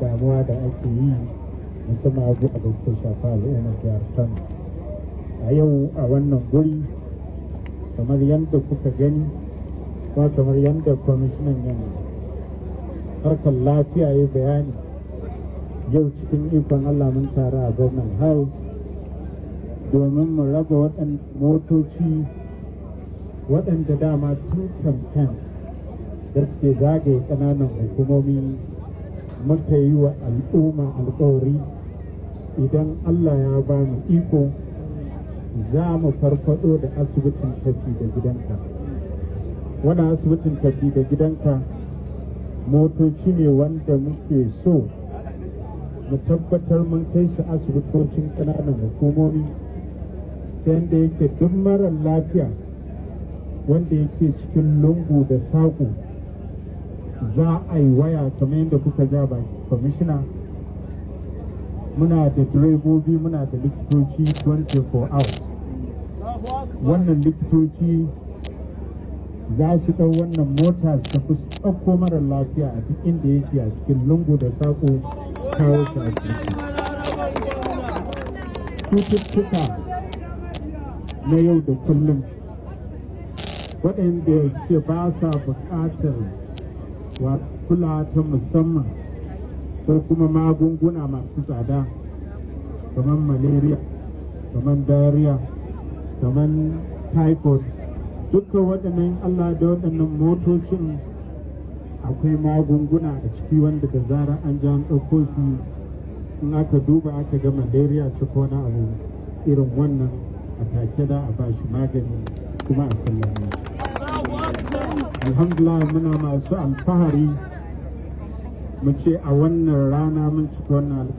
da damuwa da ake yi musamman a da suka shafa al'ummar jihar kano a yau a wannan guri kamar yadda kuka gani kuma kamar yadda kwamishinan yanzu harkar lafiya ya bayani yau cikin ikon allah mun tara a gwamnan Hau? domin mu raba waɗanda motoci waɗanda dama tun kamfen da suke zagaye ƙananan hukumomi muka yi wa al'umma alƙawari idan Allah ya ba mu iko za mu farfado da asibitin tafi da gidanka wani asibitin tafi da gidanka motoci ne wanda muke so mu tabbatar mun kai shi asibitocin ƙananan hukumomi ta yadda yake duk marar lafiya wanda yake cikin lungu da saƙo za a yi waya kamar yadda kuka ja ba kwamishina muna da direbobi muna da likitoci 24 hours wannan likitoci za su ɗau wannan mota su tafi su ɗauko mara lafiya a duk inda yake a cikin lungu da saƙo kawo shi cikin. cututtuka na yau da kullum waɗanda suke ba sa buƙatar kulawa ta musamman ko kuma magunguna masu tsada kamar malaria kamar diarrhea kamar typhoid dukkan waɗannan allah da waɗannan motocin akwai magunguna a ciki wanda da zarar an ja ɗauko su in aka duba aka ga malaria ta kona abu irin wannan a take da a bashi magani kuma a sallama alhamdulillah muna masu alfahari mu ce a wannan rana mun ci wannan alfahari